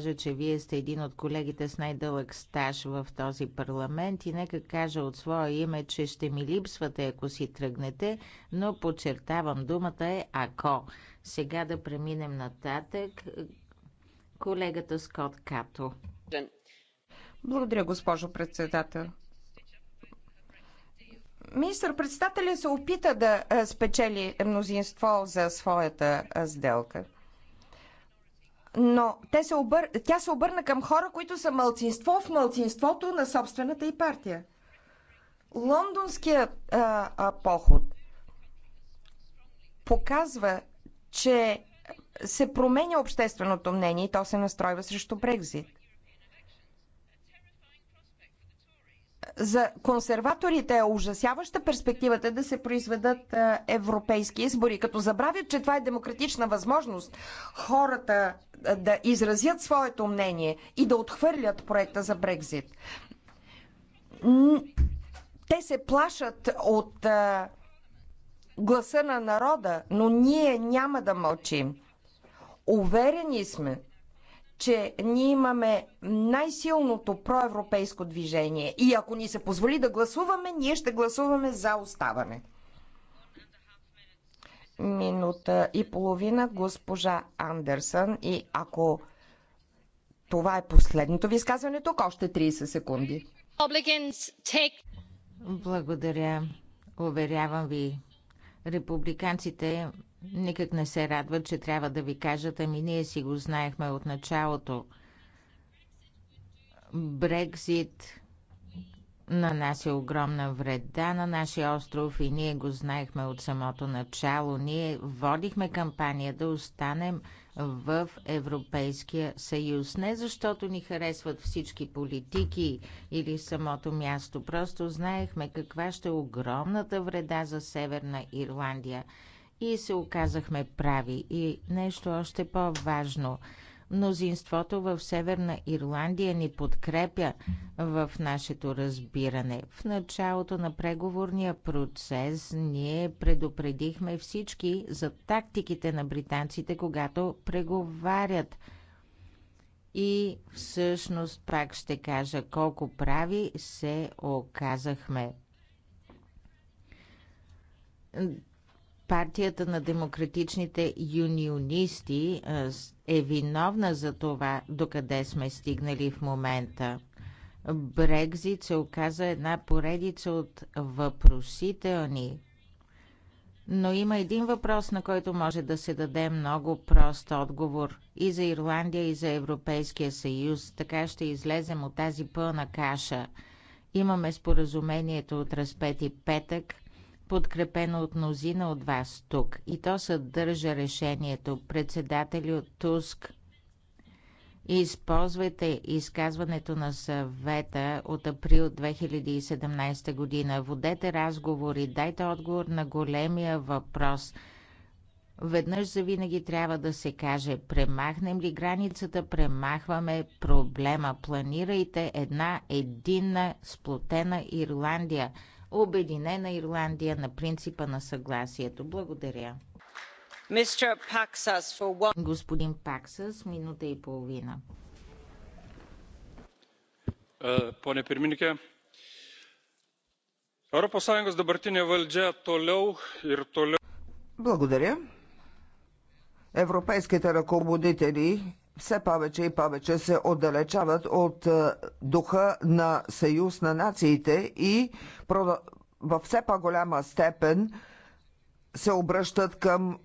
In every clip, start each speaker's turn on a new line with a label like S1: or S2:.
S1: кажа, че вие сте един от колегите с най-дълъг стаж в този парламент и нека кажа от свое име, че ще ми липсвате, ако си тръгнете, но подчертавам думата е ако. Сега да преминем нататък. Колегата Скот Като. Благодаря, госпожо председател.
S2: Министър-председателя се опита да спечели мнозинство за своята сделка но те се обър... тя се обърна към хора, които са мълцинство в мълцинството на собствената и партия. Лондонският а, а, поход показва, че се променя общественото мнение и то се настройва срещу Брекзит. за консерваторите е ужасяваща перспективата да се произведат европейски избори, като забравят, че това е демократична възможност хората да изразят своето мнение и да отхвърлят проекта за Брекзит. Те се плашат от гласа на народа, но ние няма да мълчим. Уверени сме, че ние имаме най-силното проевропейско движение и ако ни се позволи да гласуваме, ние ще гласуваме за оставане. Минута и половина госпожа Андерсън и ако
S1: това е последното ви изказване, тук още 30 секунди. Благодаря. Уверявам ви, републиканците никак не се радва, че трябва да ви кажат, ами ние си го знаехме от началото. Брекзит нанася огромна вреда на нашия остров и ние го знаехме от самото начало. Ние водихме кампания да останем в Европейския съюз. Не защото ни харесват всички политики или самото място. Просто знаехме каква ще е огромната вреда за Северна Ирландия – и се оказахме прави. И нещо още по-важно. Мнозинството в Северна Ирландия ни подкрепя в нашето разбиране. В началото на преговорния процес ние предупредихме всички за тактиките на британците, когато преговарят. И всъщност пак ще кажа колко прави се оказахме партията на демократичните юнионисти е виновна за това, докъде сме стигнали в момента. Брекзит се оказа една поредица от въпросителни. Но има един въпрос, на който може да се даде много прост отговор и за Ирландия, и за Европейския съюз. Така ще излезем от тази пълна каша. Имаме споразумението от разпети петък, подкрепено от мнозина от вас тук. И то съдържа решението. Председателю Туск, използвайте изказването на съвета от април 2017 година. Водете разговори, дайте отговор на големия въпрос – Веднъж за винаги трябва да се каже, премахнем ли границата, премахваме проблема. Планирайте една единна, сплотена Ирландия. Обединена Ирландия на принципа на съгласието. Благодаря. Господин Паксас, минута и половина. Pone pirmininkė, Europos Sąjungos dabartinė valdžia toliau ir toliau.
S3: Благодаря. Европейските ръководители все повече и повече се отдалечават от е, духа на Съюз на нациите и във все по-голяма степен се обръщат към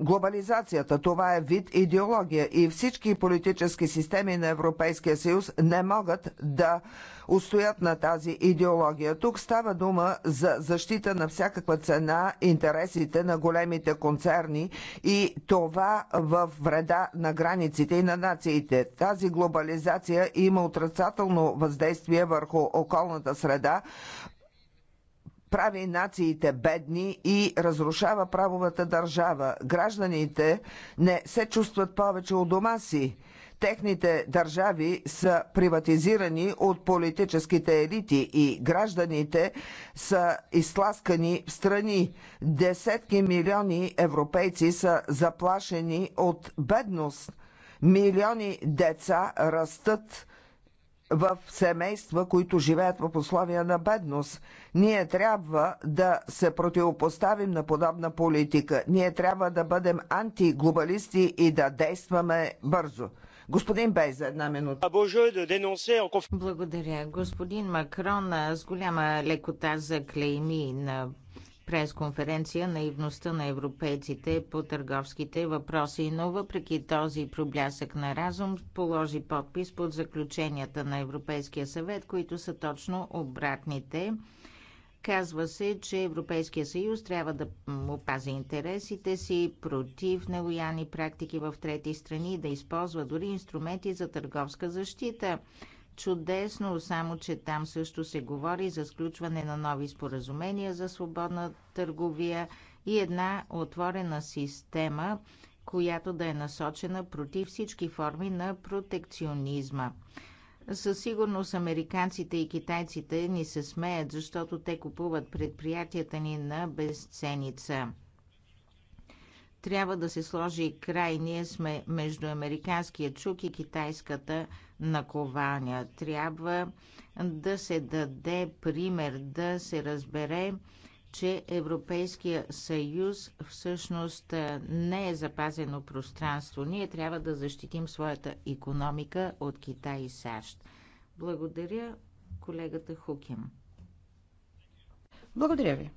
S3: Глобализацията това е вид идеология и всички политически системи на Европейския съюз не могат да устоят на тази идеология. Тук става дума за защита на всякаква цена интересите на големите концерни и това в вреда на границите и на нациите. Тази глобализация има отрицателно въздействие върху околната среда, прави нациите бедни и разрушава правовата държава. Гражданите не се чувстват повече у дома си. Техните държави са приватизирани от политическите елити и гражданите са изтласкани в страни. Десетки милиони европейци са заплашени от бедност. Милиони деца растат в семейства, които живеят в условия на бедност. Ние трябва да се противопоставим на подобна политика. Ние трябва да бъдем антиглобалисти и да действаме бързо. Господин Бей, за една минута.
S1: Е Благодаря. Господин Макрон с голяма лекота клейми на пресконференция наивността на европейците по търговските въпроси, но въпреки този проблясък на разум положи подпис под заключенията на Европейския съвет, които са точно обратните. Казва се, че Европейския съюз трябва да опази интересите си против нелояни практики в трети страни и да използва дори инструменти за търговска защита – Чудесно, само че там също се говори за сключване на нови споразумения за свободна търговия и една отворена система, която да е насочена против всички форми на протекционизма. Със сигурност американците и китайците ни се смеят, защото те купуват предприятията ни на безценица трябва да се сложи край. Ние сме между американския чук и китайската наковалня. Трябва да се даде пример, да се разбере, че Европейския съюз всъщност не е запазено пространство. Ние трябва да защитим своята економика от Китай и САЩ. Благодаря колегата Хукин. Благодаря ви.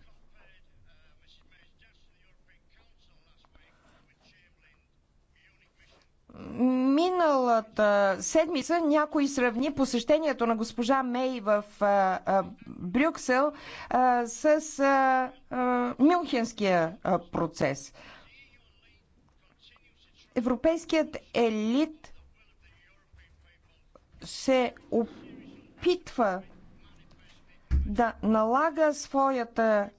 S2: Миналата седмица някой сравни посещението на госпожа Мей в Брюксел с Мюнхенския процес. Европейският елит се опитва да налага своята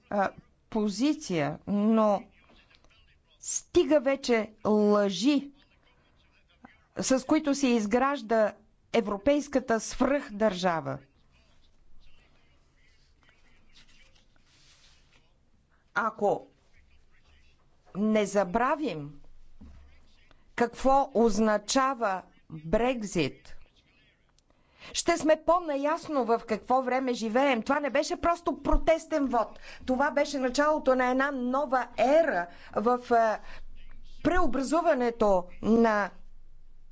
S2: позиция, но стига вече лъжи с които се изгражда европейската свръхдържава. Ако не забравим какво означава Брекзит, ще сме по-наясно в какво време живеем. Това не беше просто протестен вод. Това беше началото на една нова ера в е, преобразуването на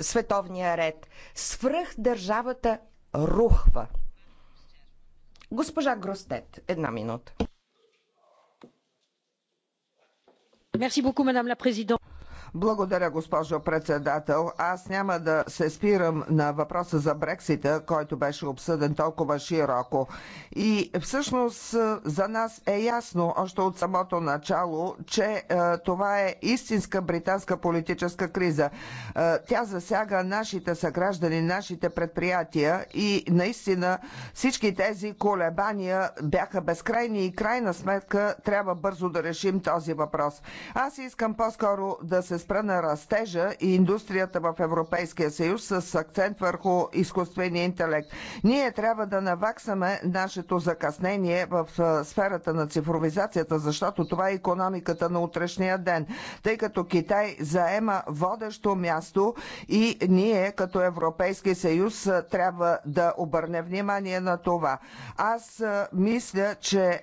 S2: световния ред. Свръх държавата рухва. Госпожа Гростет, една минута. Merci beaucoup, madame
S3: благодаря, госпожо председател. Аз няма да се спирам на въпроса за Брексита, който беше обсъден толкова широко. И всъщност е, за нас е ясно още от самото начало, че е, това е истинска британска политическа криза. Е, тя засяга нашите съграждани, нашите предприятия и наистина всички тези колебания бяха безкрайни и крайна сметка трябва бързо да решим този въпрос. Аз искам по-скоро да се спра на растежа и индустрията в Европейския съюз с акцент върху изкуствения интелект. Ние трябва да наваксаме нашето закъснение в сферата на цифровизацията, защото това е економиката на утрешния ден, тъй като Китай заема водещо място и ние като Европейски съюз трябва да обърне внимание на това. Аз мисля, че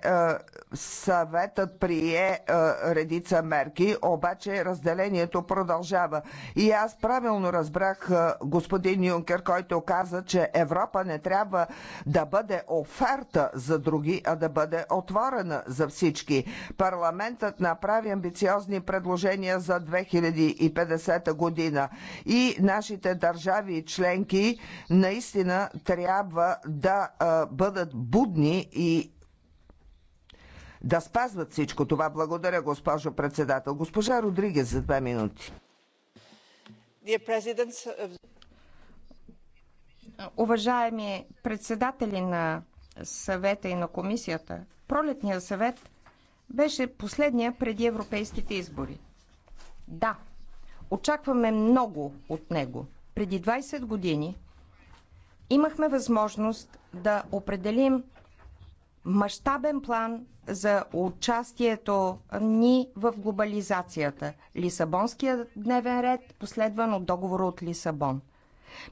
S3: съветът прие редица мерки, обаче разделението Положението продължава. И аз правилно разбрах господин Юнкер, който каза, че Европа не трябва да бъде оферта за други, а да бъде отворена за всички. Парламентът направи амбициозни предложения за 2050 година и нашите държави и членки наистина трябва да бъдат будни и да спазват всичко това. Благодаря, госпожо председател. Госпожа Родригес за две минути. Uh,
S2: Уважаеми председатели на съвета и на комисията, пролетният съвет беше последния преди европейските избори. Да, очакваме много от него. Преди 20 години имахме възможност да определим мащабен план за участието ни в глобализацията. Лисабонския дневен ред, последван от договора от Лисабон.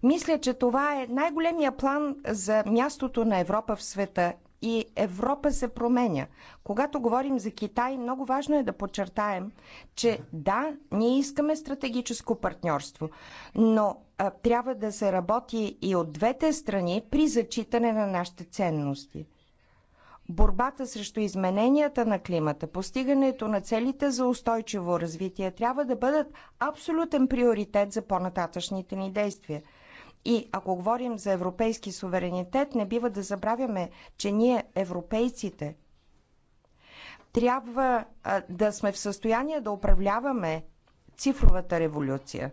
S2: Мисля, че това е най-големия план за мястото на Европа в света и Европа се променя. Когато говорим за Китай, много важно е да подчертаем, че да, ние искаме стратегическо партньорство, но а, трябва да се работи и от двете страни при зачитане на нашите ценности борбата срещу измененията на климата, постигането на целите за устойчиво развитие трябва да бъдат абсолютен приоритет за по-нататъчните ни действия. И ако говорим за европейски суверенитет, не бива да забравяме, че ние, европейците, трябва да сме в състояние да управляваме цифровата революция.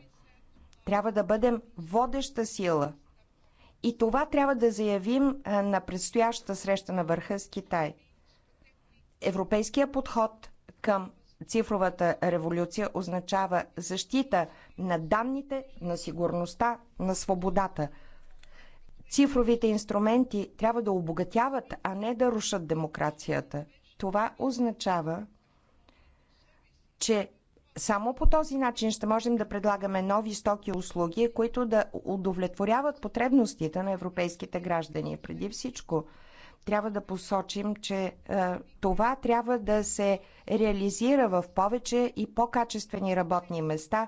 S2: Трябва да бъдем водеща сила – и това трябва да заявим на предстоящата среща на върха с Китай. Европейския подход към цифровата революция означава защита на данните, на сигурността, на свободата. Цифровите инструменти трябва да обогатяват, а не да рушат демокрацията. Това означава, че само по този начин ще можем да предлагаме нови стоки и услуги, които да удовлетворяват потребностите на европейските граждани. Преди всичко, трябва да посочим, че е, това трябва да се реализира в повече и по-качествени работни места,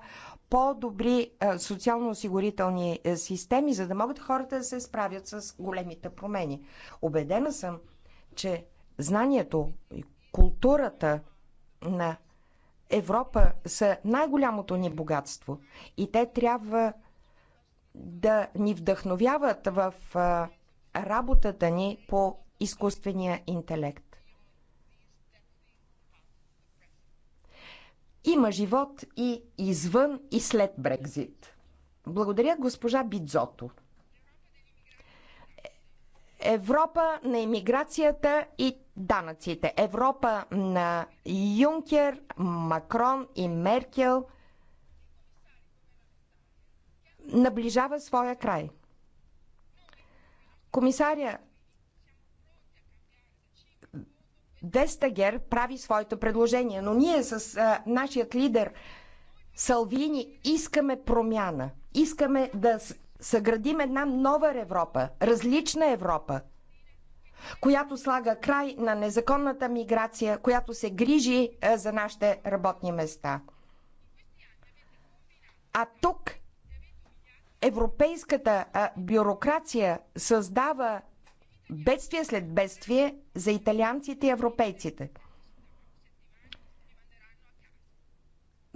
S2: по-добри е, социално-осигурителни е, системи, за да могат хората да се справят с големите промени. Обедена съм, че знанието и културата на Европа са най-голямото ни богатство и те трябва да ни вдъхновяват в работата ни по изкуствения интелект. Има живот и извън и след Брекзит. Благодаря госпожа Бидзото. Европа на иммиграцията и данъците. Европа на Юнкер, Макрон и Меркел наближава своя край. Комисаря Вестагер прави своето предложение, но ние с а, нашият лидер Салвини искаме промяна. Искаме да съградим една нова Европа, различна Европа, която слага край на незаконната миграция, която се грижи е, за нашите работни места. А тук европейската е, бюрокрация създава бедствие след бедствие за италианците и европейците.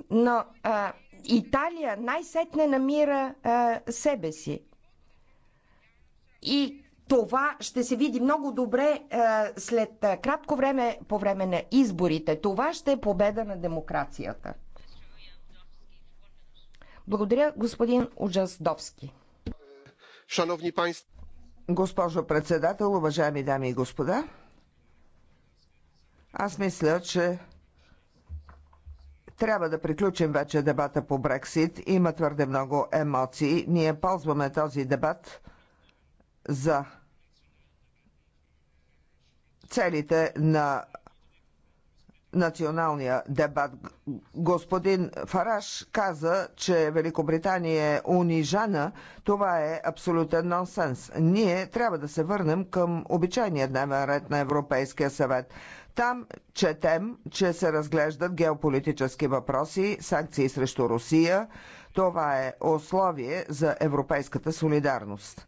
S2: Но а, е, Италия най-сетне намира а, себе си. И това ще се види много добре а, след а, кратко време по време на изборите. Това ще е победа на демокрацията.
S3: Благодаря, господин Ужасдовски.
S2: Шановни панство.
S3: Госпожо председател, уважаеми дами и господа, аз мисля, че трябва да приключим вече дебата по Брексит. Има твърде много емоции. Ние ползваме този дебат за целите на националния дебат. Господин Фараш каза, че Великобритания е унижана. Това е абсолютен нонсенс. Ние трябва да се върнем към обичайния дневен ред на Европейския съвет. Там четем, че се разглеждат геополитически въпроси, санкции срещу Русия. Това е условие за европейската солидарност.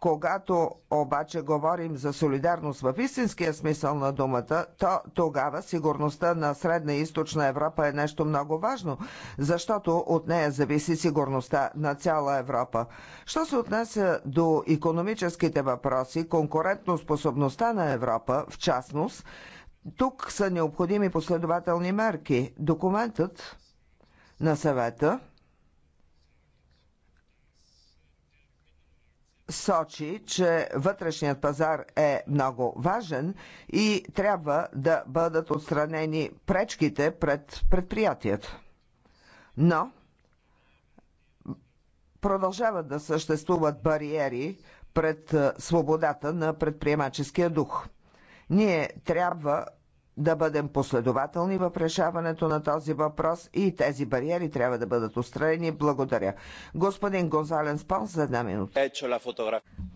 S3: Когато обаче говорим за солидарност в истинския смисъл на думата, то тогава сигурността на Средна и Източна Европа е нещо много важно, защото от нея зависи сигурността на цяла Европа. Що се отнася до економическите въпроси, конкурентоспособността на Европа, в частност, тук са необходими последователни мерки. Документът на съвета сочи, че вътрешният пазар е много важен и трябва да бъдат отстранени пречките пред предприятието. Но продължават да съществуват бариери пред свободата на предприемаческия дух. Ние трябва да бъдем последователни в решаването на този въпрос и тези бариери трябва да бъдат устранени. Благодаря. Господин Гонзален Спан за една минута. Е,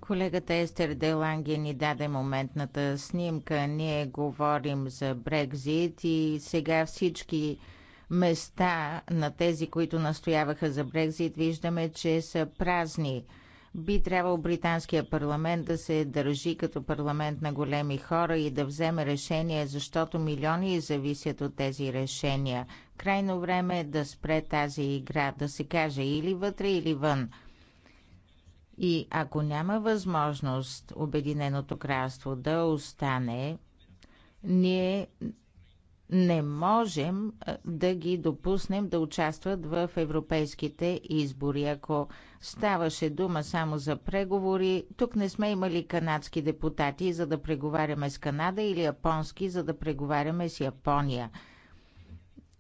S1: Колегата Естер Деланге ни даде моментната снимка. Ние говорим за Брекзит и сега всички места на тези, които настояваха за Брекзит, виждаме, че са празни. Би трябвало британския парламент да се държи като парламент на големи хора и да вземе решение, защото милиони зависят от тези решения. Крайно време е да спре тази игра, да се каже или вътре, или вън. И ако няма възможност Обединеното кралство да остане, ние не можем да ги допуснем да участват в европейските избори. Ако ставаше дума само за преговори, тук не сме имали канадски депутати, за да преговаряме с Канада или японски, за да преговаряме с Япония.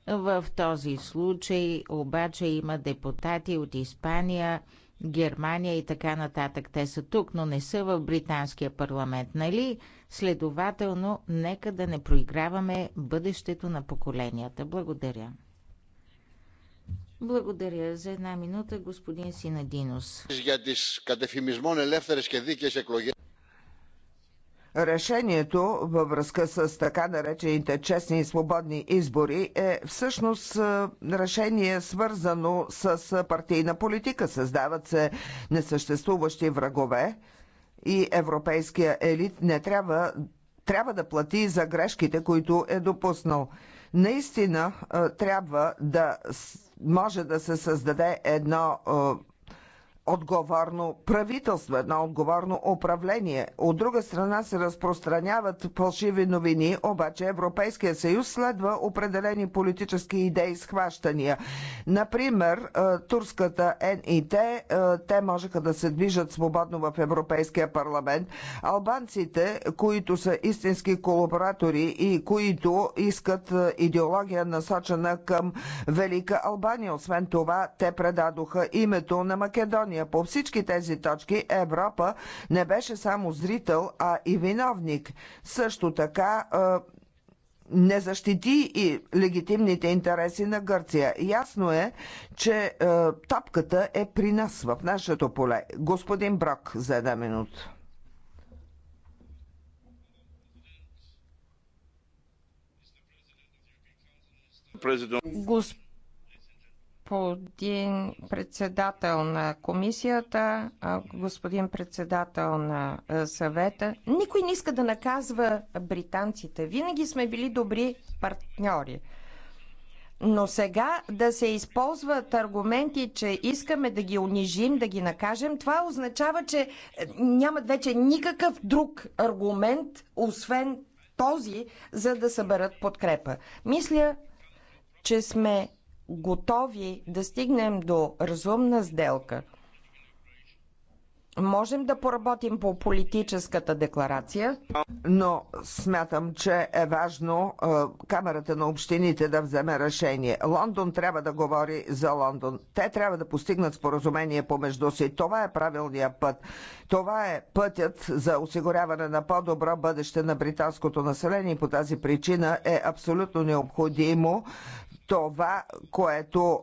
S1: В този случай обаче има депутати от Испания, Германия и така нататък. Те са тук, но не са в британския парламент, нали? Следователно, нека да не проиграваме бъдещето на поколенията. Благодаря. Благодаря за една минута, господин Синадинос.
S3: Решението във връзка с така наречените честни и свободни избори е всъщност е, решение свързано с е, партийна политика. Създават се несъществуващи врагове и европейския елит не трябва, трябва да плати за грешките, които е допуснал. Наистина е, трябва да може да се създаде едно отговорно правителство, едно отговорно управление. От друга страна се разпространяват фалшиви новини, обаче Европейския съюз следва определени политически идеи и схващания. Например, е, турската НИТ, е, те можеха да се движат свободно в Европейския парламент. Албанците, които са истински колаборатори и които искат е, идеология насочена към Велика Албания. Освен това, те предадоха името на Македония. Македония. По всички тези точки Европа не беше само зрител, а и виновник. Също така не защити и легитимните интереси на Гърция. Ясно е, че е, топката е при нас, в нашето поле. Господин Брок, за една минута. Господин
S2: господин председател на комисията, господин председател на съвета. Никой не иска да наказва британците. Винаги сме били добри партньори. Но сега да се използват аргументи, че искаме да ги унижим, да ги накажем, това означава, че нямат вече никакъв друг аргумент, освен този, за да съберат подкрепа. Мисля, че сме готови да стигнем до разумна сделка,
S3: можем да поработим по политическата декларация. Но смятам, че е важно Камерата на общините да вземе решение. Лондон трябва да говори за Лондон. Те трябва да постигнат споразумение помежду си. Това е правилният път. Това е пътят за осигуряване на по-добро бъдеще на британското население. По тази причина е абсолютно необходимо това, което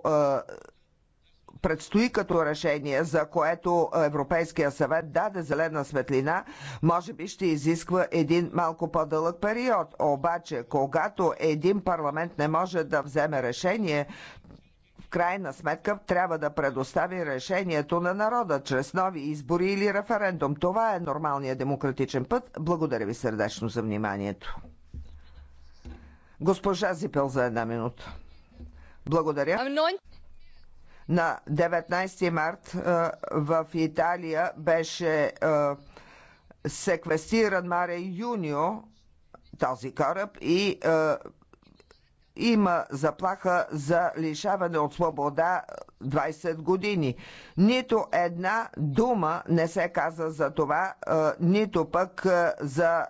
S3: предстои като решение, за което Европейския съвет даде зелена светлина, може би ще изисква един малко по-дълъг период. Обаче, когато един парламент не може да вземе решение, в крайна сметка трябва да предостави решението на народа чрез нови избори или референдум. Това е нормалният демократичен път. Благодаря ви сърдечно за вниманието. Госпожа Зипел за една минута. Благодаря. На 19 март в Италия беше секвестиран Маре Юнио, този кораб, и има заплаха за лишаване от свобода 20 години. Нито една дума не се каза за това, нито пък за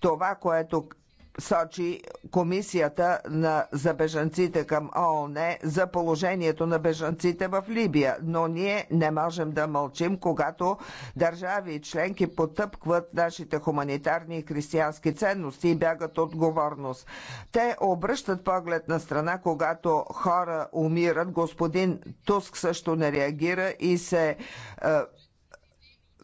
S3: това, което сочи Комисията на, за бежанците към ООН за положението на бежанците в Либия. Но ние не можем да мълчим, когато държави и членки потъпкват нашите хуманитарни и християнски ценности и бягат отговорност. Те обръщат поглед на страна, когато хора умират. Господин Туск също не реагира и се е,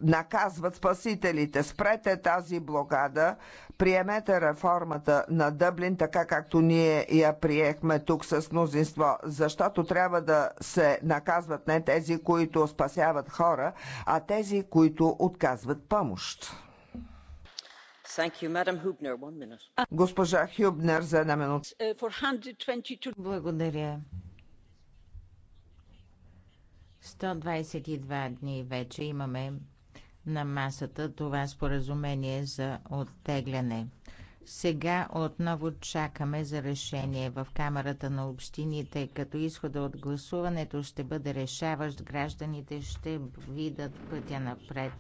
S3: наказват спасителите. Спрете тази блокада, приемете реформата на Дъблин, така както ние я приехме тук с мнозинство, защото трябва да се наказват не тези, които спасяват хора, а тези, които отказват помощ.
S1: You,
S3: Госпожа Хюбнер за една минута.
S1: Uh, Благодаря. 122 дни вече имаме на масата това споразумение за оттегляне. Сега отново чакаме за решение в Камерата на общините, като изхода от гласуването ще бъде решаващ, гражданите ще видят пътя напред.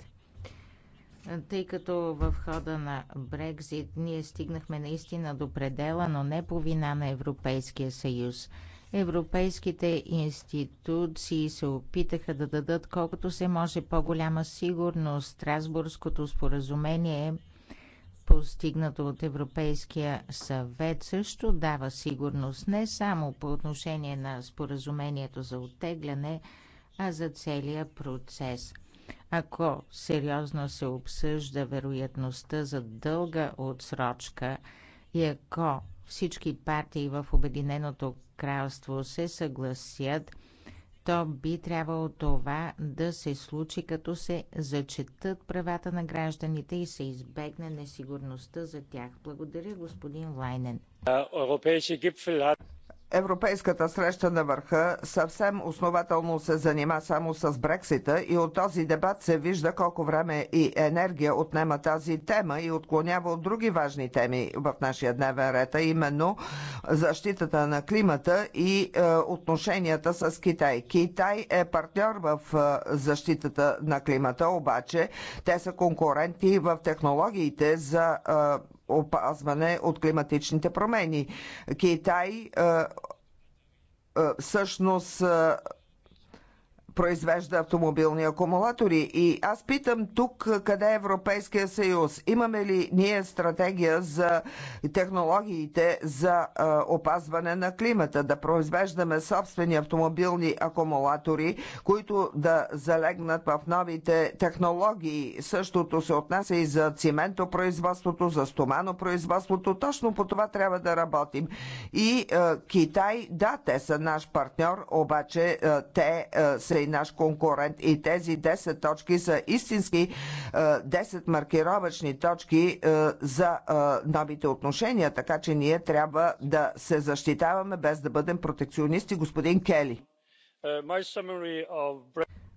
S1: Тъй като в хода на Брекзит ние стигнахме наистина до предела, но не по вина на Европейския съюз – Европейските институции се опитаха да дадат колкото се може по-голяма сигурност. Страсбургското споразумение, е постигнато от Европейския съвет, също дава сигурност не само по отношение на споразумението за оттегляне, а за целия процес. Ако сериозно се обсъжда вероятността за дълга отсрочка и ако всички партии в Обединеното кралство се съгласят, то би трябвало това да се случи, като се зачетат правата на гражданите и се избегне несигурността за тях. Благодаря, господин
S3: Лайнен. Европейската среща на върха съвсем основателно се занима само с Брексита и от този дебат се вижда колко време и енергия отнема тази тема и отклонява от други важни теми в нашия дневен ред, а именно защитата на климата и е, отношенията с Китай. Китай е партньор в е, защитата на климата, обаче те са конкуренти в технологиите за е, опазване от климатичните промени. Китай е, е, всъщност е, произвежда автомобилни акумулатори. И аз питам тук къде е Европейския съюз. Имаме ли ние стратегия за технологиите за а, опазване на климата, да произвеждаме собствени автомобилни акумулатори, които да залегнат в новите технологии. Същото се отнася и за цементопроизводството, за стоманопроизводството. Точно по това трябва да работим. И а, Китай, да, те са наш партньор, обаче а, те а, се и наш конкурент. И тези 10 точки са истински 10 е, маркировачни точки е, за е, новите отношения, така че ние трябва да се защитаваме без да бъдем протекционисти. Господин Кели.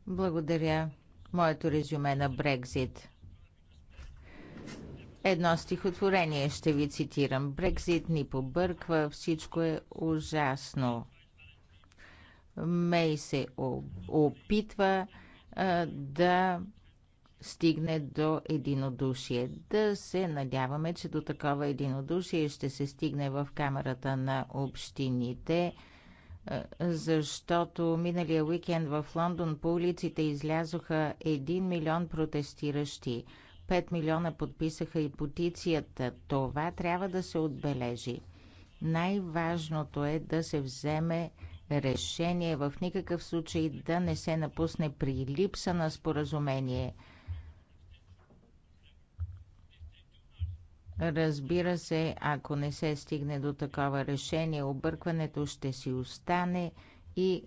S1: Благодаря. Моето резюме на Брекзит. Едно стихотворение ще ви цитирам. Брекзит ни побърква, всичко е ужасно. Мей се опитва да стигне до единодушие. Да се надяваме, че до такова единодушие ще се стигне в Камерата на общините, защото миналия уикенд в Лондон по улиците излязоха 1 милион протестиращи. 5 милиона подписаха и потицията. Това трябва да се отбележи. Най-важното е да се вземе решение в никакъв случай да не се напусне при липса на споразумение. Разбира се, ако не се стигне до такова решение, объркването ще си остане и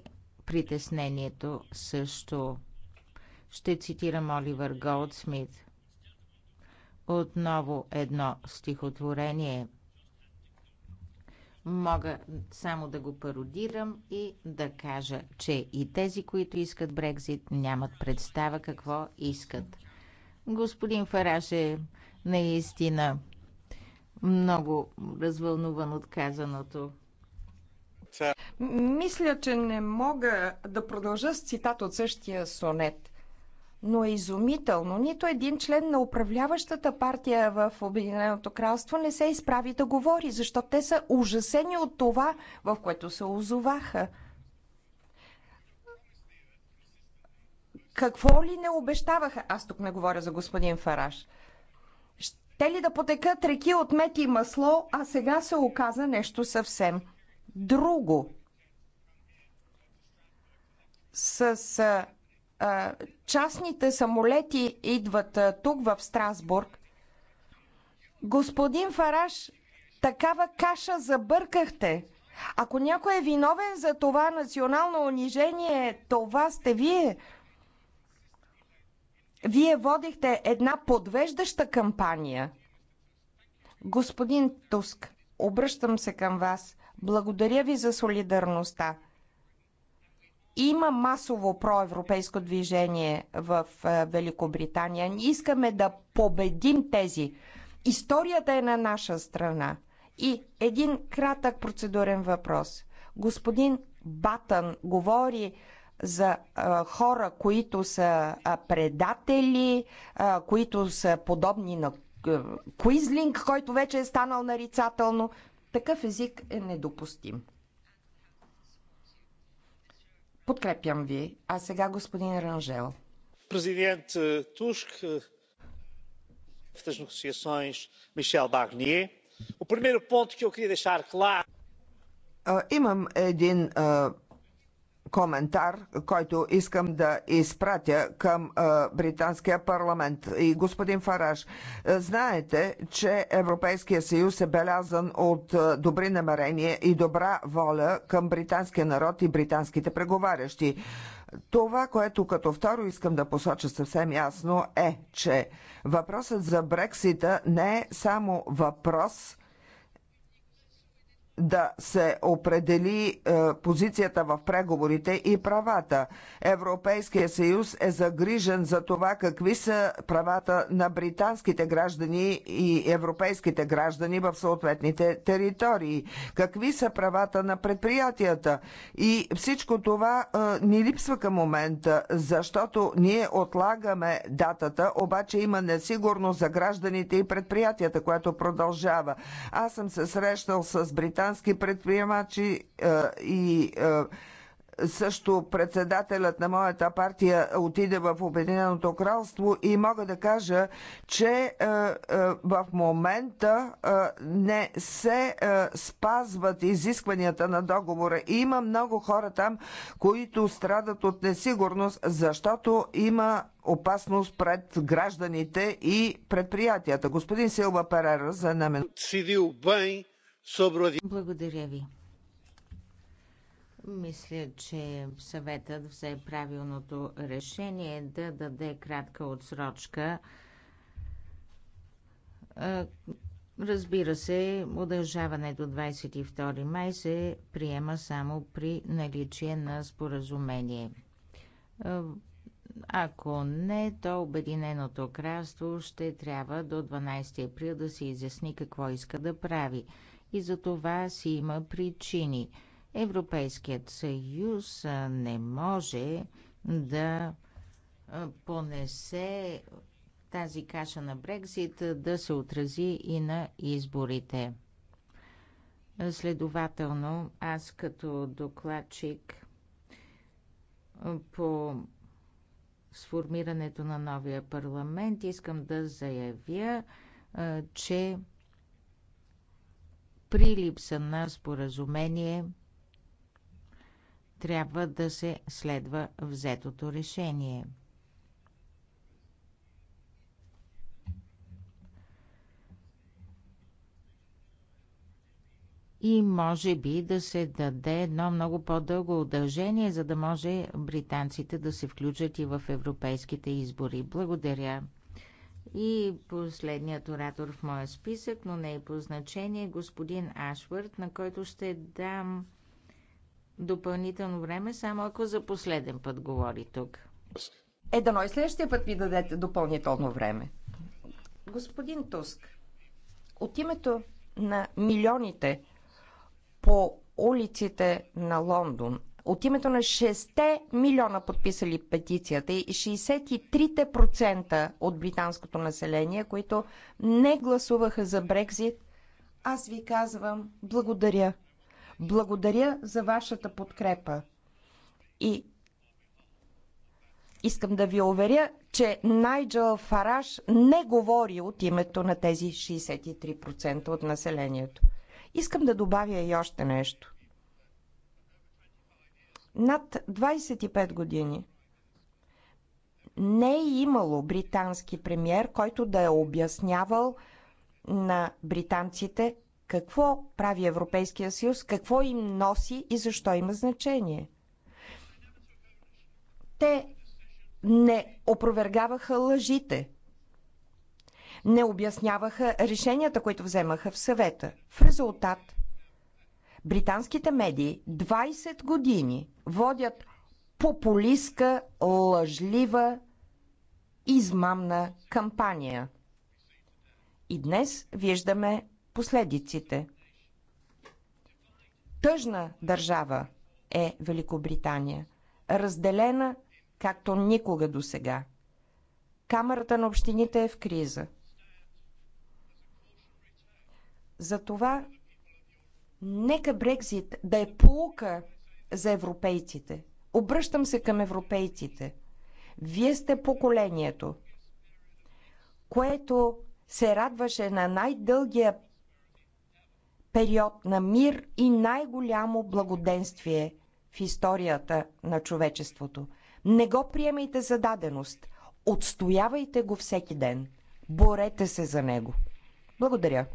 S1: притеснението също. Ще цитирам Оливър Голдсмит. Отново едно стихотворение – Мога само да го пародирам и да кажа, че и тези, които искат Брекзит, нямат представа какво искат. Господин Фараш е наистина много развълнуван от казаното.
S2: Мисля, че не мога да продължа с цитат от същия сонет но е изумително. Нито един член на управляващата партия в Обединеното кралство не се изправи да говори, защото те са ужасени от това, в което се озоваха. Какво ли не обещаваха? Аз тук не говоря за господин Фараш. Те ли да потекат реки от мет и масло, а сега се оказа нещо съвсем друго. С частните самолети идват тук в Страсбург. Господин Фараш, такава каша забъркахте. Ако някой е виновен за това национално унижение, това сте вие. Вие водихте една подвеждаща кампания. Господин Туск, обръщам се към вас. Благодаря ви за солидарността. Има масово проевропейско движение в е, Великобритания. Ние искаме да победим тези. Историята е на наша страна. И един кратък процедурен въпрос. Господин Батън говори за а, е, хора, които са а, е, предатели, а, които са подобни на а, Куизлинг, който вече е станал нарицателно. Такъв език е недопустим. Подкрепям ви. А сега господин Ранжел.
S3: Президент е, Туск, das е, negociações Мишел Барние. O primeiro ponto que eu queria deixar Имам един а, е, коментар, който искам да изпратя към британския парламент. И господин Фараш, знаете, че Европейския съюз е белязан от добри намерения и добра воля към британския народ и британските преговарящи. Това, което като второ искам да посоча съвсем ясно е, че въпросът за Брексита не е само въпрос да се определи е, позицията в преговорите и правата. Европейския съюз е загрижен за това какви са правата на британските граждани и европейските граждани в съответните територии, какви са правата на предприятията. И всичко това е, ни липсва към момента, защото ние отлагаме датата, обаче има несигурност за гражданите и предприятията, което продължава. Аз съм се срещал с британските американски предприемачи е, и е, също председателят на моята партия отиде в Обединеното кралство и мога да кажа, че е, в момента не се спазват изискванията на договора. И има много хора там, които страдат от несигурност, защото има опасност пред гражданите и предприятията. Господин Силва Перера за намен. Благодаря ви.
S1: Мисля, че съветът взе правилното решение да даде кратка отсрочка. Разбира се, удължаване до 22 май се приема само при наличие на споразумение. Ако не, то Обединеното кралство ще трябва до 12 април да се изясни какво иска да прави и за това си има причини. Европейският съюз не може да понесе тази каша на Брекзит да се отрази и на изборите. Следователно, аз като докладчик по сформирането на новия парламент искам да заявя, че при липса на споразумение трябва да се следва взетото решение. И може би да се даде едно много по-дълго удължение, за да може британците да се включат и в европейските избори. Благодаря. И последният оратор в моя списък, но не и е по значение, господин Ашвард, на който ще дам допълнително време, само ако за последен път говори тук. Е, дано и следващия път ми дадете допълнително време. Господин Туск,
S2: от името на милионите по улиците на Лондон от името на 6 милиона подписали петицията и 63% от британското население, които не гласуваха за Брекзит, аз ви казвам благодаря. Благодаря за вашата подкрепа. И искам да ви уверя, че Найджел Фараш не говори от името на тези 63% от населението. Искам да добавя и още нещо над 25 години не е имало британски премьер, който да е обяснявал на британците какво прави Европейския съюз, какво им носи и защо има значение. Те не опровергаваха лъжите, не обясняваха решенията, които вземаха в съвета. В резултат британските медии 20 години водят популистка, лъжлива, измамна кампания. И днес виждаме последиците. Тъжна държава е Великобритания, разделена както никога до сега. Камерата на общините е в криза. Затова Нека Брекзит да е полука за европейците. Обръщам се към европейците. Вие сте поколението, което се радваше на най-дългия период на мир и най-голямо благоденствие в историята на човечеството. Не го приемайте за даденост. Отстоявайте го всеки ден. Борете се за него. Благодаря.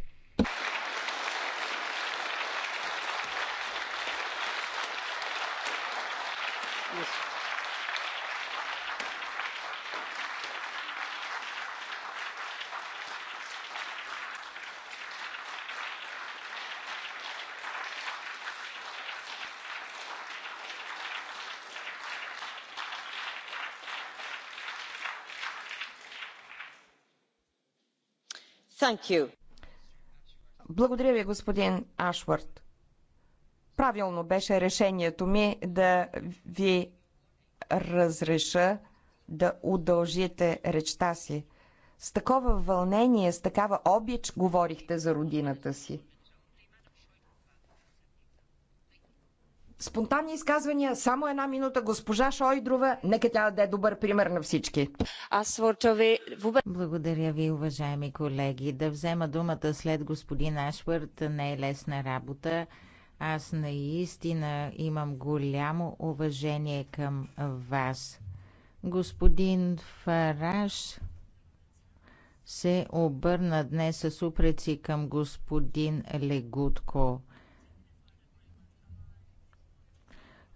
S2: Благодаря ви, господин Ашвард. Правилно беше решението ми да ви разреша да удължите речта си. С такова вълнение, с такава обич говорихте за родината си. спонтанни изказвания. Само една минута. Госпожа Шойдрова, нека тя даде добър пример на всички.
S1: Аз ви... Благодаря ви, уважаеми колеги. Да взема думата след господин Ашвард не е лесна работа. Аз наистина имам голямо уважение към вас. Господин Фараш се обърна днес с упреци към господин Легутко –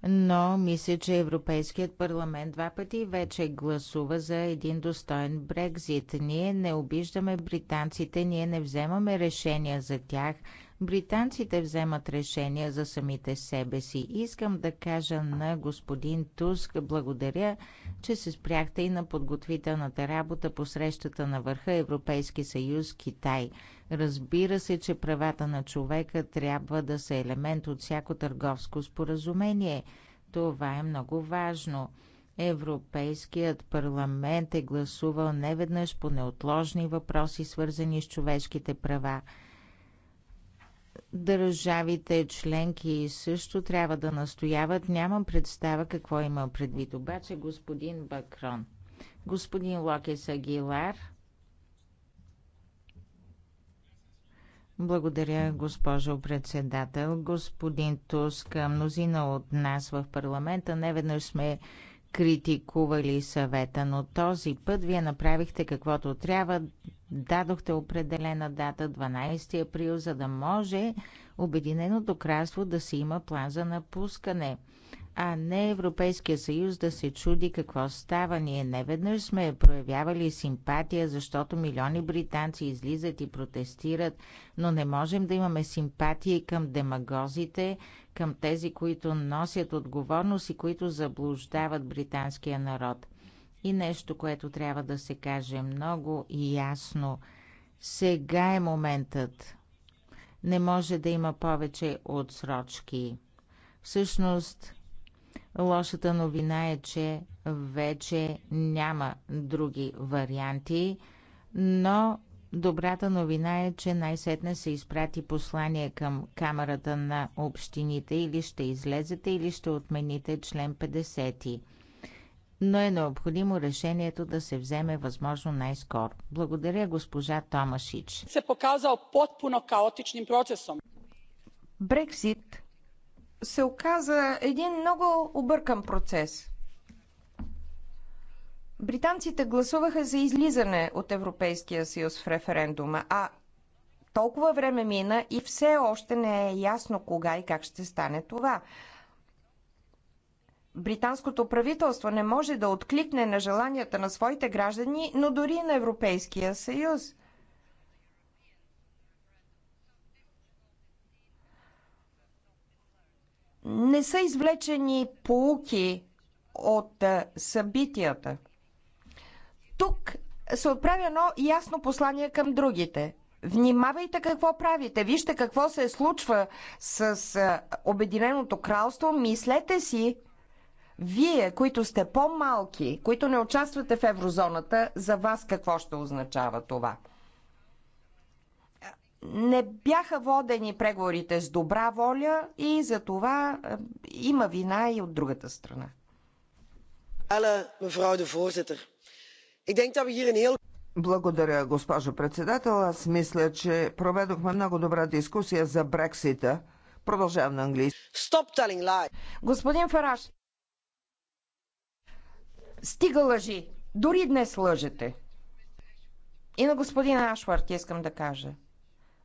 S1: но мисля, че Европейският парламент два пъти вече гласува за един достоен Брекзит. Ние не обиждаме британците, ние не вземаме решения за тях, британците вземат решения за самите себе си. Искам да кажа на господин Туск, благодаря, че се спряхте и на подготвителната работа по срещата на върха Европейски съюз Китай. Разбира се, че правата на човека трябва да са елемент от всяко търговско споразумение. Това е много важно. Европейският парламент е гласувал неведнъж по неотложни въпроси, свързани с човешките права. Държавите членки също трябва да настояват. Нямам представа какво има предвид обаче господин Бакрон. Господин Локес Агилар. Благодаря, госпожо председател. Господин Туск, мнозина от нас в парламента не веднъж сме критикували съвета, но този път вие направихте каквото трябва дадохте определена дата 12 април, за да може Обединеното кралство да си има план за напускане, а не Европейския съюз да се чуди какво става. Ние неведнъж сме проявявали симпатия, защото милиони британци излизат и протестират, но не можем да имаме симпатии към демагозите, към тези, които носят отговорност и които заблуждават британския народ. И нещо, което трябва да се каже много и ясно. Сега е моментът. Не може да има повече отсрочки. Всъщност, лошата новина е, че вече няма други варианти, но Добрата новина е, че най-сетне се изпрати послание към Камерата на общините или ще излезете, или ще отмените член 50 но е необходимо решението да се вземе възможно най-скоро. Благодаря госпожа Томашич. Се показал
S3: потпуно каотичним процесом.
S1: Брексит се оказа
S2: един много объркан процес. Британците гласуваха за излизане от Европейския съюз в референдума, а толкова време мина и все още не е ясно кога и как ще стане това британското правителство не може да откликне на желанията на своите граждани, но дори и на Европейския съюз. Не са извлечени полуки от събитията. Тук се отправя едно ясно послание към другите. Внимавайте какво правите, вижте какво се случва с Обединеното кралство, мислете си вие, които сте по-малки, които не участвате в еврозоната, за вас какво ще означава това? Не бяха водени преговорите с добра воля и за това е, има
S3: вина и от другата страна. Благодаря, госпожо председател. Аз мисля, че проведохме много добра дискусия за Брексита. Продължавам на английски.
S2: Господин Фараш, Стига лъжи. Дори днес лъжете. И на господин Ашвард искам да кажа.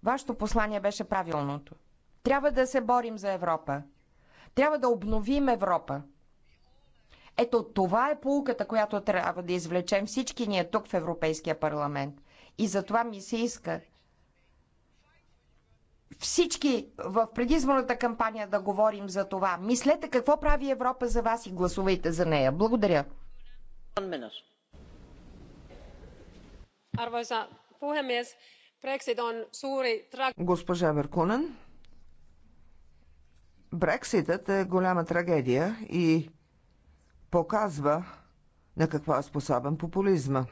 S2: Вашето послание беше правилното. Трябва да се борим за Европа. Трябва да обновим Европа. Ето това е полуката, която трябва да извлечем всички ние тук в Европейския парламент. И затова ми се иска всички в предизборната кампания да говорим за това. Мислете какво прави Европа за вас и гласувайте за нея. Благодаря arvoisa puhemies brexit on suuri
S3: Госпожа Веркунен, Брекситът е голяма трагедия и показва на какво е способен популизма.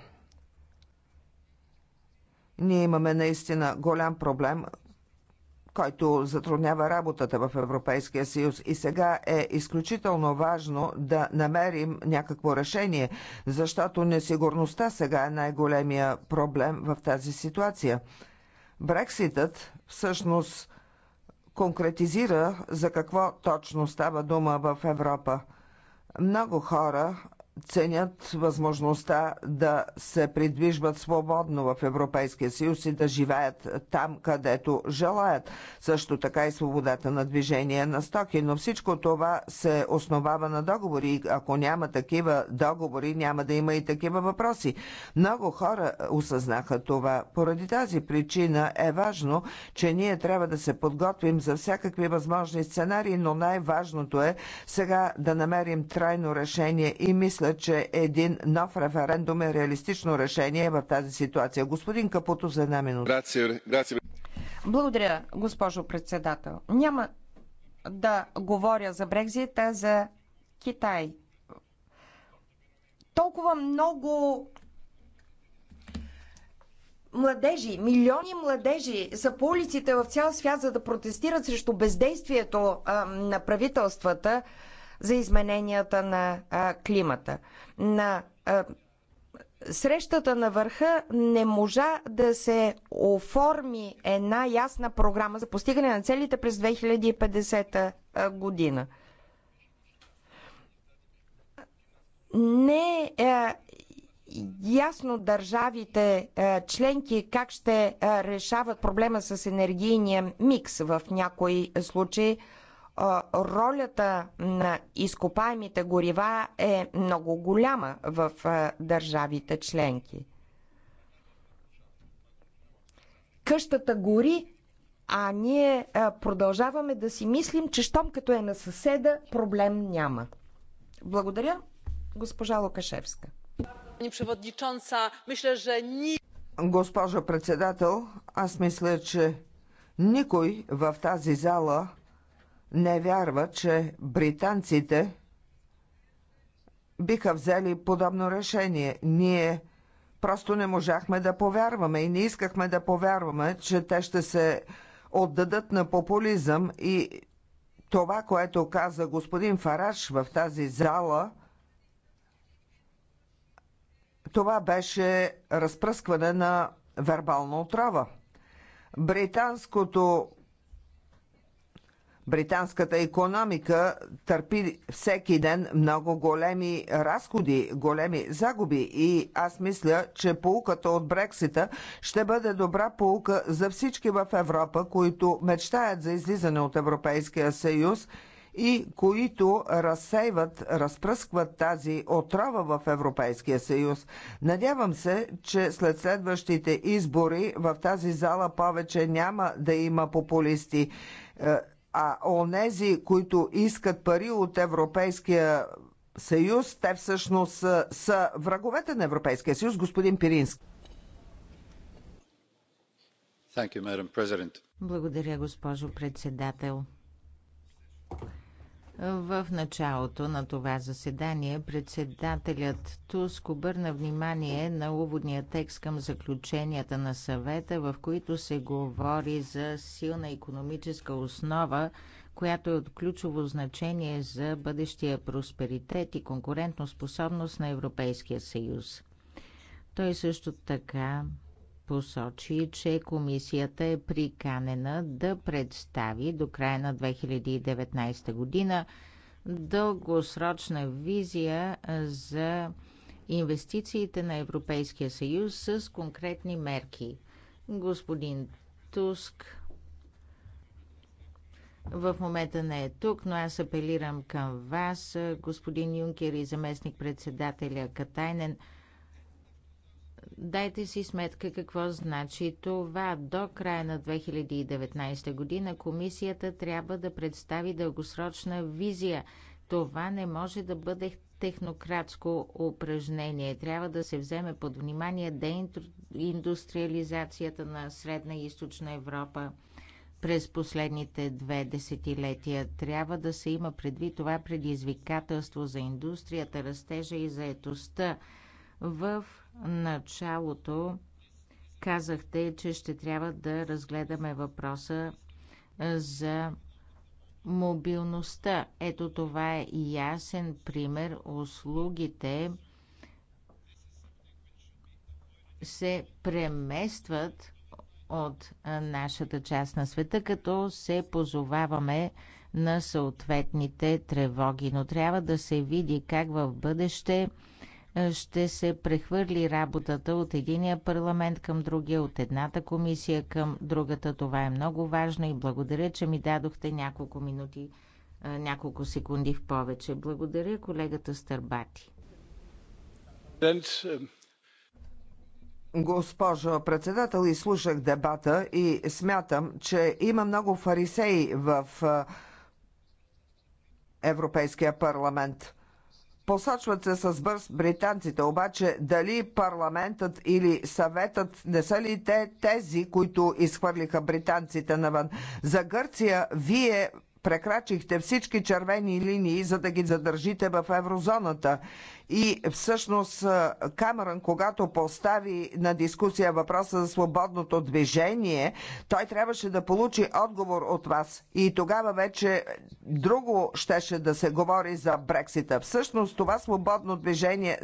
S3: Ние имаме наистина голям проблем, който затруднява работата в Европейския съюз. И сега е изключително важно да намерим някакво решение, защото несигурността сега е най-големия проблем в тази ситуация. Брекситът всъщност конкретизира за какво точно става дума в Европа. Много хора ценят възможността да се придвижват свободно в Европейския съюз и да живеят там, където желаят. Също така и свободата на движение на стоки. Но всичко това се основава на договори. Ако няма такива договори, няма да има и такива въпроси. Много хора осъзнаха това. Поради тази причина е важно, че ние трябва да се подготвим за всякакви възможни сценарии, но най-важното е сега да намерим трайно решение и мисля, мисля, че един нов референдум е реалистично решение в тази ситуация. Господин Капуто, за една минута. Благодаря, госпожо председател. Няма да говоря за Брекзита,
S2: за Китай. Толкова много младежи, милиони младежи са по улиците в цял свят, за да протестират срещу бездействието а, на правителствата за измененията на климата. На срещата на върха не можа да се оформи една ясна програма за постигане на целите през 2050 година. Не е ясно държавите членки как ще решават проблема с енергийния микс в някои случаи ролята на изкопаемите горива е много голяма в държавите членки. Къщата гори, а ние продължаваме да си мислим, че щом като е на съседа, проблем
S3: няма. Благодаря, госпожа Лукашевска. Госпожо председател, аз мисля, че никой в тази зала не вярва, че британците биха взели подобно решение. Ние просто не можахме да повярваме и не искахме да повярваме, че те ще се отдадат на популизъм и това, което каза господин Фараш в тази зала, това беше разпръскване на вербална отрава. Британското Британската економика търпи всеки ден много големи разходи, големи загуби и аз мисля, че полуката от Брексита ще бъде добра полука за всички в Европа, които мечтаят за излизане от Европейския съюз и които разсейват, разпръскват тази отрова в Европейския съюз. Надявам се, че след следващите избори в тази зала повече няма да има популисти е, а онези, които искат пари от Европейския съюз, те всъщност са, са враговете на Европейския съюз, господин Пирински.
S1: Благодаря, госпожо председател. В началото на това заседание председателят Туск обърна внимание на уводния текст към заключенията на съвета, в които се говори за силна економическа основа, която е от ключово значение за бъдещия просперитет и конкурентоспособност на Европейския съюз. Той също така посочи, че комисията е приканена да представи до края на 2019 година дългосрочна визия за инвестициите на Европейския съюз с конкретни мерки. Господин Туск в момента не е тук, но аз апелирам към вас, господин Юнкер и заместник председателя Катайнен – Дайте си сметка какво значи това. До края на 2019 година комисията трябва да представи дългосрочна визия. Това не може да бъде технократско упражнение. Трябва да се вземе под внимание деиндустриализацията на Средна и Източна Европа през последните две десетилетия. Трябва да се има предвид това предизвикателство за индустрията, растежа и заетостта в началото казахте, че ще трябва да разгледаме въпроса за мобилността. Ето това е ясен пример. Услугите се преместват от нашата част на света, като се позоваваме на съответните тревоги. Но трябва да се види как в бъдеще ще се прехвърли работата от единия парламент към другия, от едната комисия към другата. Това е много важно и благодаря, че ми дадохте няколко минути, няколко секунди в повече.
S3: Благодаря колегата Стърбати. Госпожо председател, изслушах дебата и смятам, че има много фарисеи в Европейския парламент. Посочват се с бърз британците, обаче дали парламентът или съветът не са ли те тези, които изхвърлиха британците навън? За Гърция вие прекрачихте всички червени линии, за да ги задържите в еврозоната. И всъщност Камерън, когато постави на дискусия въпроса за свободното движение, той трябваше да получи отговор от вас. И тогава вече друго щеше да се говори за Брексита. Всъщност това свободно движение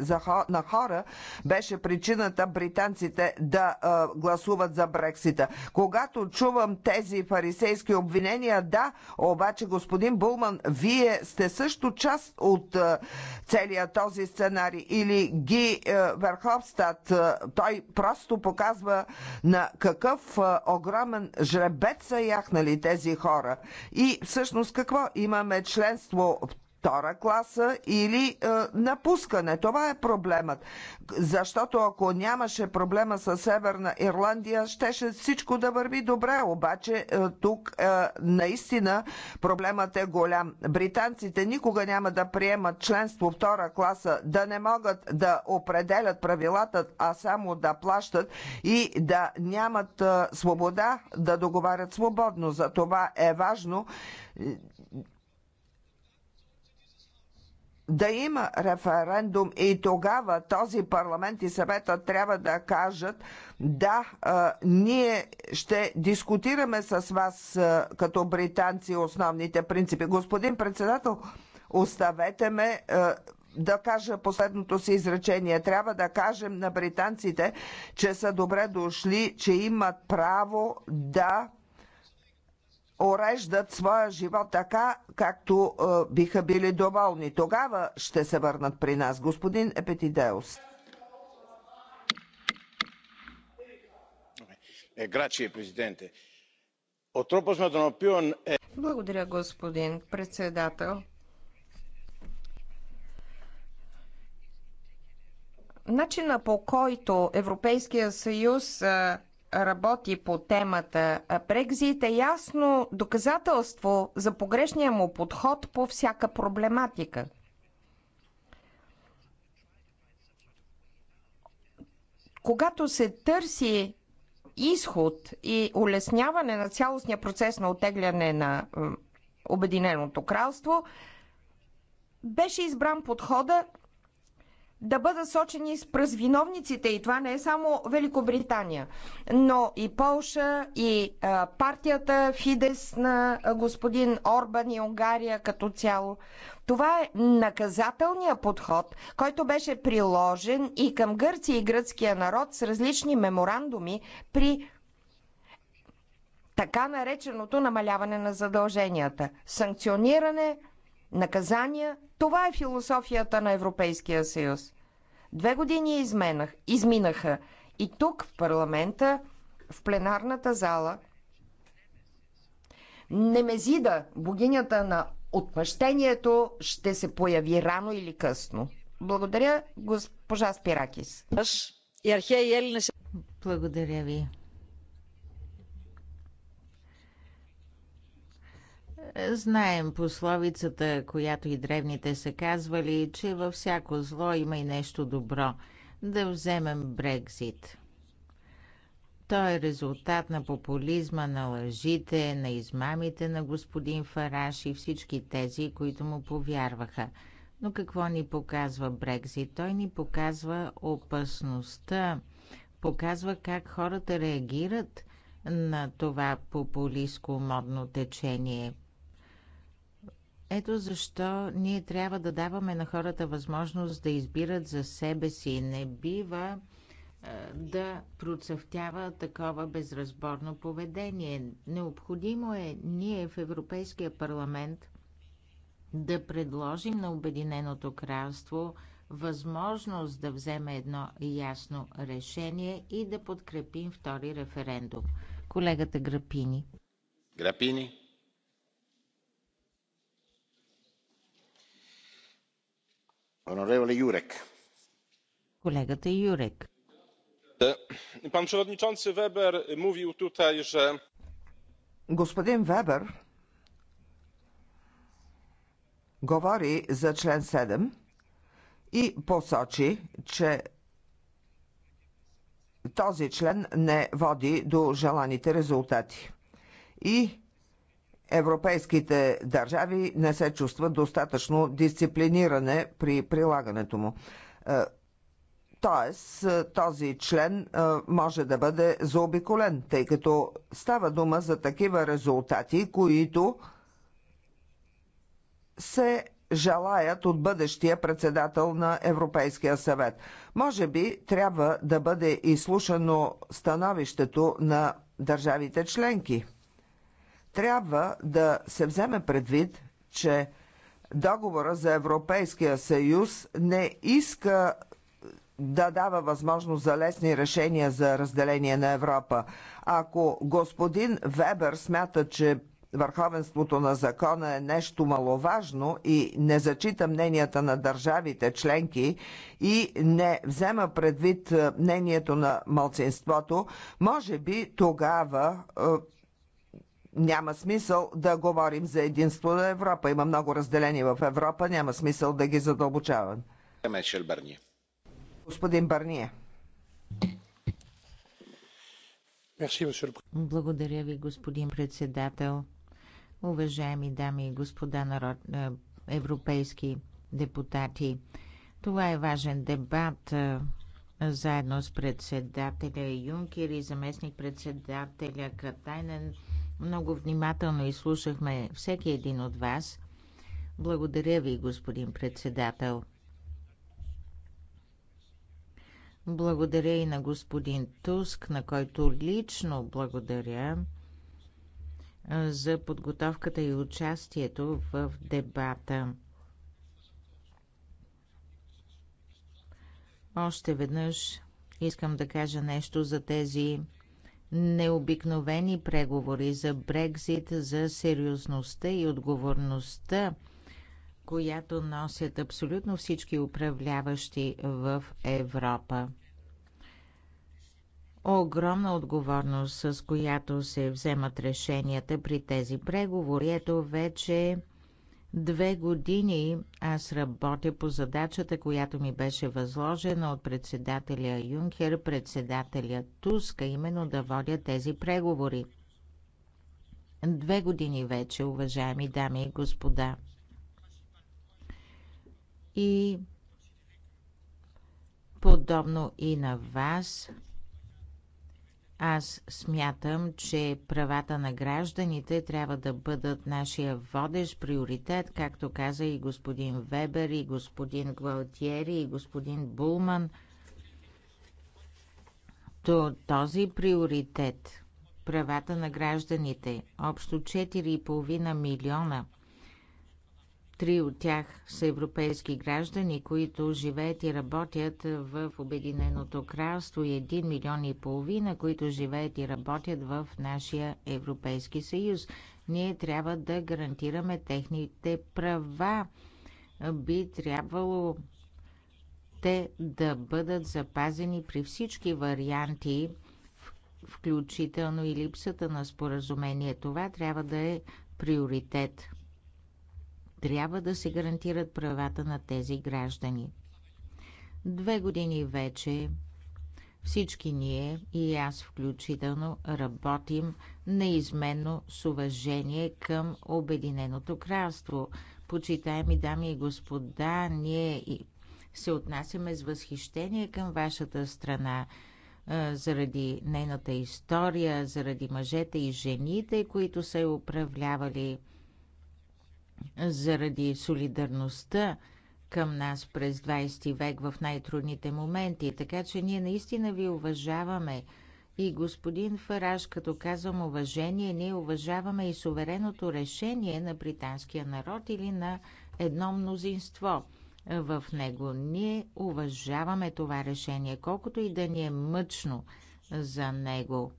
S3: на хора беше причината британците да гласуват за Брексита. Когато чувам тези фарисейски обвинения, да, обаче господин Булман, вие сте също част от целия този сценарий или Ги е, Верховстат, е, той просто показва на какъв е, огромен жребец са яхнали тези хора. И всъщност какво имаме членство в втора класа или е, напускане. Това е проблемът. Защото ако нямаше проблема с Северна Ирландия, щеше всичко да върви добре. Обаче е, тук е, наистина проблемът е голям. Британците никога няма да приемат членство втора класа, да не могат да определят правилата, а само да плащат и да нямат е, свобода да договарят свободно. За това е важно да има референдум и тогава този парламент и съвета трябва да кажат да, а, ние ще дискутираме с вас а, като британци основните принципи. Господин председател, оставете ме а, да кажа последното си изречение. Трябва да кажем на британците, че са добре дошли, че имат право да ореждат своя живот така, както е, биха били доволни. Тогава ще се върнат при нас, господин Епетидеус.
S2: Е, е- Благодаря, господин председател. Начина по който Европейския съюз е, работи по темата Брекзит е ясно доказателство за погрешния му подход по всяка проблематика. Когато се търси изход и улесняване на цялостния процес на отегляне на Обединеното кралство, беше избран подхода да бъдат сочени с пръст виновниците и това не е само Великобритания, но и Полша, и а, партията Фидес на господин Орбан и Унгария като цяло. Това е наказателният подход, който беше приложен и към Гърция и гръцкия народ с различни меморандуми при така нареченото намаляване на задълженията. Санкциониране, наказания. Това е философията на Европейския съюз. Две години изменах, изминаха и тук в парламента, в пленарната зала, Немезида, богинята на отмъщението, ще се появи рано или късно. Благодаря, госпожа Спиракис.
S1: Благодаря ви. Знаем пословицата, която и древните са казвали, че във всяко зло има и нещо добро. Да вземем Брекзит. Той е резултат на популизма, на лъжите, на измамите на господин Фараш и всички тези, които му повярваха. Но какво ни показва Брекзит? Той ни показва опасността, показва как хората реагират на това популистско модно течение – ето защо ние трябва да даваме на хората възможност да избират за себе си. Не бива е, да процъфтява такова безразборно поведение. Необходимо е ние в Европейския парламент да предложим на Обединеното кралство възможност да вземе едно ясно решение и да подкрепим втори референдум. Колегата Грапини.
S2: Грапини.
S3: E, pan przewodniczący Weber mówił tutaj, że. Господин Вебер говори за член 7 и посочи, че този член не води до желаните резултати. И европейските държави не се чувстват достатъчно дисциплиниране при прилагането му. Е, тоест, е, този член е, може да бъде заобиколен, тъй като става дума за такива резултати, които се желаят от бъдещия председател на Европейския съвет. Може би трябва да бъде изслушано становището на държавите членки. Трябва да се вземе предвид, че договора за Европейския съюз не иска да дава възможност за лесни решения за разделение на Европа. Ако господин Вебер смята, че върховенството на закона е нещо маловажно и не зачита мненията на държавите членки и не взема предвид е, мнението на малцинството, може би тогава е, няма смисъл да говорим за единство на Европа. Има много разделения в Европа, няма смисъл да ги задълбочавам. Господин Барния. Благодаря ви, господин
S1: председател. Уважаеми дами и господа народ, е, европейски депутати, това е важен дебат е, заедно с председателя Юнкер и заместник председателя Катайнен – много внимателно изслушахме всеки един от вас. Благодаря ви, господин председател. Благодаря и на господин Туск, на който лично благодаря за подготовката и участието в дебата. Още веднъж искам да кажа нещо за тези необикновени преговори за Брекзит, за сериозността и отговорността, която носят абсолютно всички управляващи в Европа. Огромна отговорност, с която се вземат решенията при тези преговори. Ето вече Две години аз работя по задачата, която ми беше възложена от председателя Юнкер, председателя Туска, именно да водя тези преговори. Две години вече, уважаеми дами и господа. И подобно и на вас, аз смятам, че правата на гражданите трябва да бъдат нашия водещ приоритет, както каза и господин Вебер, и господин Гвалтиери, и господин Булман. То този приоритет, правата на гражданите, общо 4,5 милиона Три от тях са европейски граждани, които живеят и работят в Обединеното кралство и 1 милион и половина, които живеят и работят в нашия Европейски съюз. Ние трябва да гарантираме техните права. Би трябвало те да бъдат запазени при всички варианти, включително и липсата на споразумение. Това трябва да е приоритет трябва да се гарантират правата на тези граждани. Две години вече всички ние и аз включително работим неизменно с уважение към Обединеното кралство. Почитаеми дами и господа, ние се отнасяме с възхищение към вашата страна заради нейната история, заради мъжете и жените, които са управлявали – заради солидарността към нас през 20 век в най-трудните моменти. Така че ние наистина ви уважаваме. И господин Фараш, като казвам уважение, ние уважаваме и сувереното решение на британския народ или на едно мнозинство в него. Ние уважаваме това решение, колкото и да ни е мъчно за него.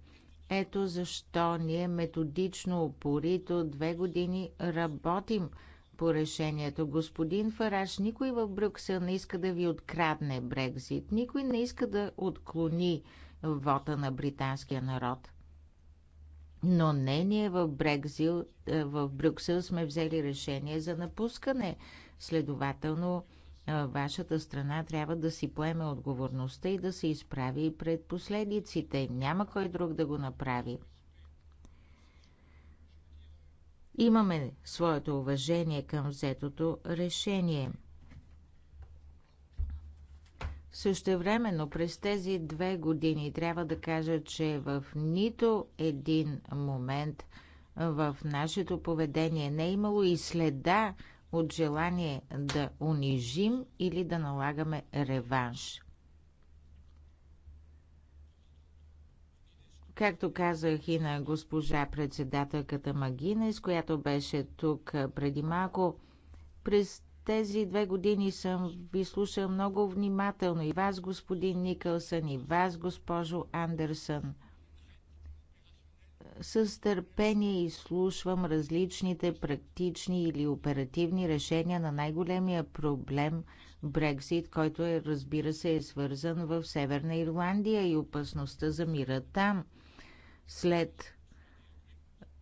S1: Ето защо ние методично, упорито, две години работим по решението. Господин Фараш, никой в Брюксел не иска да ви открадне Брекзит. Никой не иска да отклони вота на британския народ. Но не ние в, Брекзил, в Брюксел сме взели решение за напускане. Следователно, вашата страна трябва да си поеме отговорността и да се изправи пред последиците. Няма кой друг да го направи. Имаме своето уважение към взетото решение. Същевременно през тези две години трябва да кажа, че в нито един момент в нашето поведение не е имало и следа от желание да унижим или да налагаме реванш. Както казах и на госпожа председателката Магинес, която беше тук преди малко, през тези две години съм ви слушал много внимателно и вас, господин Никълсън, и вас, госпожо Андерсън – с търпение изслушвам различните практични или оперативни решения на най-големия проблем Брекзит, който е, разбира се, е свързан в Северна Ирландия и опасността за мира там. След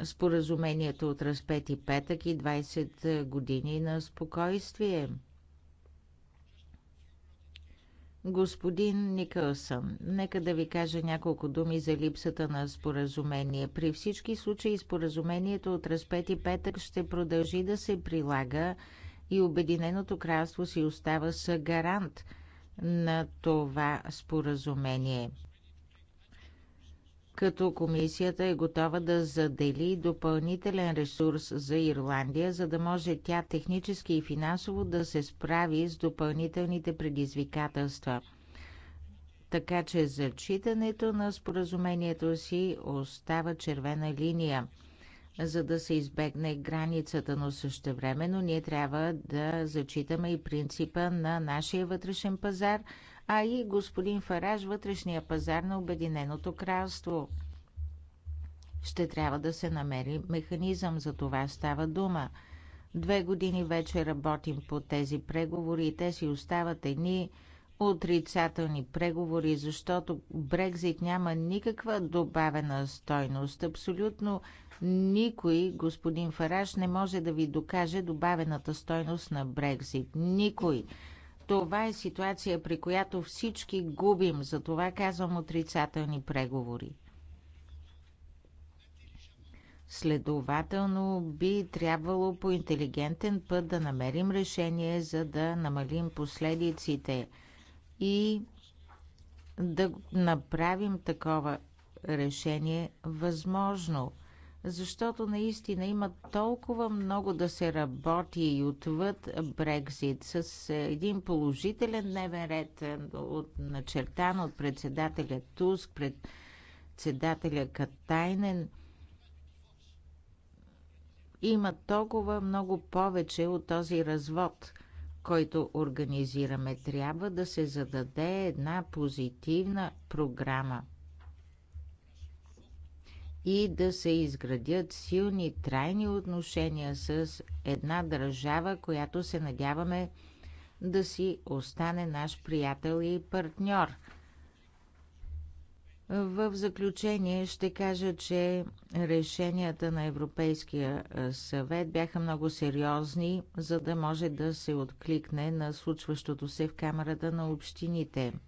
S1: споразумението от разпети петък и 20 години на спокойствие – Господин Никълсън, нека да ви кажа няколко думи за липсата на споразумение. При всички случаи споразумението от разпети петък ще продължи да се прилага и Обединеното кралство си остава съгарант на това споразумение – като комисията е готова да задели допълнителен ресурс за Ирландия, за да може тя технически и финансово да се справи с допълнителните предизвикателства. Така че зачитането на споразумението си остава червена линия за да се избегне границата, но същевременно ние трябва да зачитаме и принципа на нашия вътрешен пазар, а и господин Фараж вътрешния пазар на Обединеното кралство. Ще трябва да се намери механизъм, за това става дума. Две години вече работим по тези преговори и те си остават едни отрицателни преговори, защото Брекзит няма никаква добавена стойност. Абсолютно никой, господин Фараш, не може да ви докаже добавената стойност на Брекзит. Никой. Това е ситуация, при която всички губим. Затова казвам отрицателни преговори. Следователно би трябвало по интелигентен път да намерим решение, за да намалим последиците и да направим такова решение възможно – защото наистина има толкова много да се работи и отвъд Брекзит с е, един положителен дневен ред, е, от, начертан от председателя Туск, председателя Катайнен. Има толкова много повече от този развод, който организираме. Трябва да се зададе една позитивна програма – и да се изградят силни, трайни отношения с една държава, която се надяваме да си остане наш приятел и партньор. В заключение ще кажа, че решенията на Европейския съвет бяха много сериозни, за да може да се откликне на случващото се в Камерата на общините –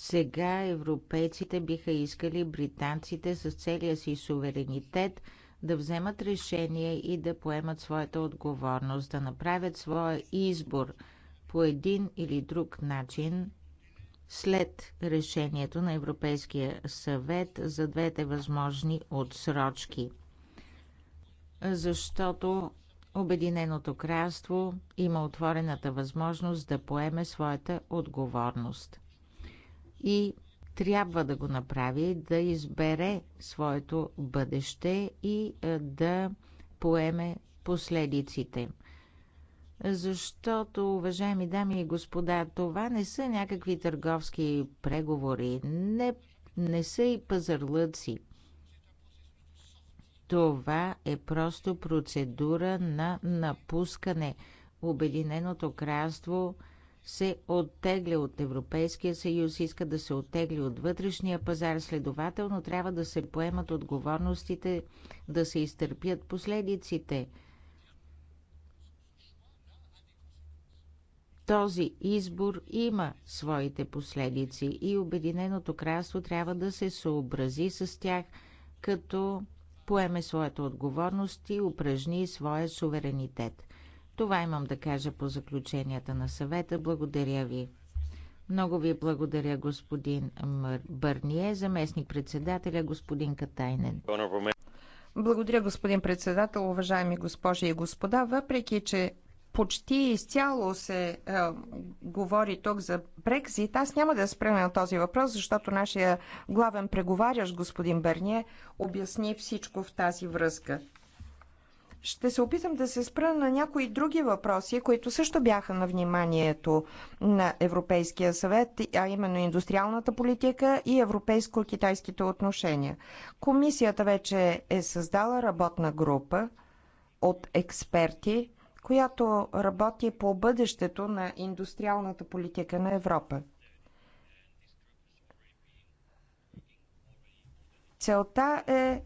S1: Сега европейците биха искали британците с целия си суверенитет да вземат решение и да поемат своята отговорност, да направят своя избор по един или друг начин след решението на Европейския съвет за двете възможни отсрочки. Защото Обединеното кралство има отворената възможност да поеме своята отговорност и трябва да го направи, да избере своето бъдеще и е, да поеме последиците. Защото, уважаеми дами и господа, това не са някакви търговски преговори, не, не са и пазарлъци. Това е просто процедура на напускане. Обединеното кралство – се оттегля от Европейския съюз, иска да се оттегли от вътрешния пазар, следователно трябва да се поемат отговорностите, да се изтърпят последиците. Този избор има своите последици и Обединеното кралство трябва да се съобрази с тях, като поеме своята отговорност и упражни своя суверенитет. Това имам да кажа по заключенията на съвета. Благодаря ви. Много ви благодаря, господин Бърние, заместник председателя, господин Катайнен. Благодаря, господин председател, уважаеми
S2: госпожи и господа. Въпреки, че почти изцяло се е, говори тук за Брекзит, аз няма да спрем на този въпрос, защото нашия главен преговарящ господин Бърние, обясни всичко в тази връзка. Ще се опитам да се спра на някои други въпроси, които също бяха на вниманието на Европейския съвет, а именно индустриалната политика и европейско-китайските отношения. Комисията вече е създала работна група от експерти, която работи по бъдещето на индустриалната политика на Европа. Целта е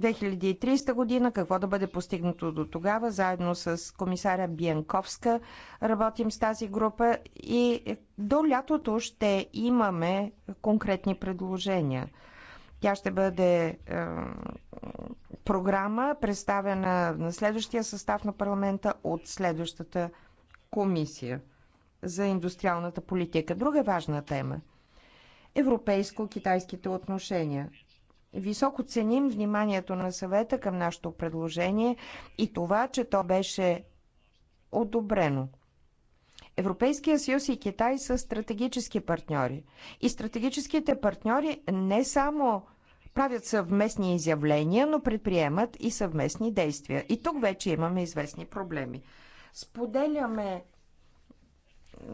S2: 2030 година, какво да бъде постигнато до тогава. Заедно с комисаря Биенковска работим с тази група и до лятото ще имаме конкретни предложения. Тя ще бъде е, програма, представена на следващия състав на парламента от следващата комисия за индустриалната политика. Друга важна тема европейско-китайските отношения – Високо ценим вниманието на съвета към нашето предложение и това, че то беше одобрено. Европейския съюз и Китай са стратегически партньори. И стратегическите партньори не само правят съвместни изявления, но предприемат и съвместни действия. И тук вече имаме известни проблеми. Споделяме